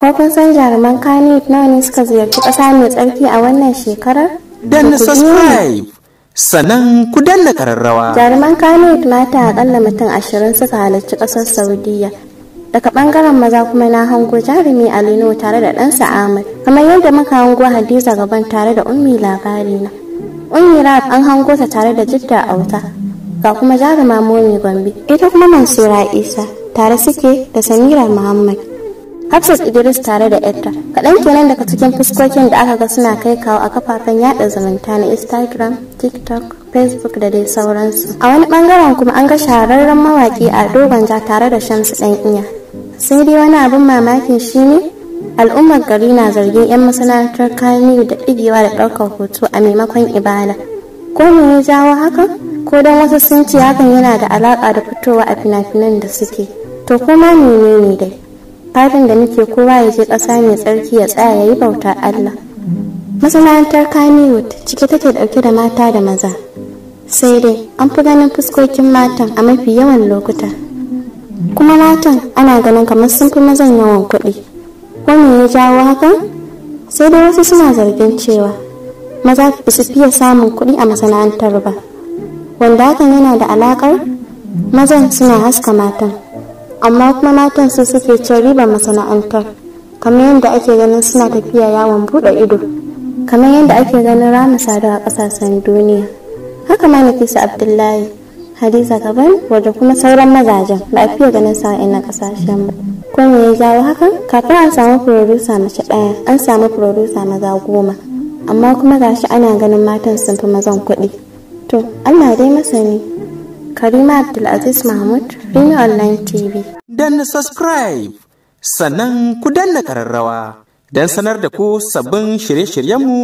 Kofin san jaruman Kanye nawa ne suka ziyarci ƙasa mai tsarki a wannan shekarar? Dan subscribe. sannan ku danna kararrawa. Jaruman Kano mata akalla mutum ashirin suka halarci ƙasar Saudiya. Daga ɓangaren maza kuma na hango jarumi a Alino tare da ɗansa Ahmad. Kamar yadda muka hango Hadiza gaban tare da Ummi labari na. Ummi Rab an hango ta tare da Jidda Auta. Ga kuma jaruma Momi Gombe. Ita kuma Mansura Isa tare suke da Samira Muhammad. Hafsat Idris tare da Edda, kaɗan kenan daga cikin fuskokin da aka ga suna kai kawo a kafafen yaɗa zumunta na Instagram, TikTok, Facebook da dai sauransu. A wani bangaren kuma an ga shahararren mawaƙi a Dogonja tare da Shamsu ɗan iya. Sai dai wani abin mamakin shi ne al'ummar gari na zargin 'yan masana'antar kayan yi da ɗigewa da ɗaukar hoto a maimakon ibada. Ko me ya jawo hakan? Ko don wasu sun ce hakan yana da alaƙa da fitowa a fina-finan da suke. To kuma menene dai? fatan da nake kowa ya je ƙasa mai tsarki ya tsaya ya yi bauta Allah. Masana'antar Kannywood cike take ɗauke da mata da maza. Sai dai an fi ganin fuskokin matan a mafi yawan lokuta. Kuma matan ana ganin kamar sun fi mazan yawan kuɗi. Wani ya jawo hakan? Sai dai wasu suna zargin cewa maza ba su fiye samun kuɗi a masana'antar ba. Wanda hakan yana da alaƙar mazan suna haska matan. amma kuma matan su suke cin ribar masana'antar kamar yadda ake ganin suna tafiya yawon buɗe ido kamar yadda ake ganin rana sadu a ƙasashen duniya haka ma nafisa abdullahi hadiza gaban wadda kuma sauran mazajen ba a fiye ganin sa na ƙasashen ba ko me ya jawo hakan kafin an samu furodusa mace ɗaya an samu furodusa maza goma amma kuma gashi ana ganin matan sun fi mazan kuɗi to allah dai masani karima abdulaziz mahmud Bini Online TV. Danna subscribe, sannan ku danna kararrawa don sanar da ku sabbin shirye-shiryenmu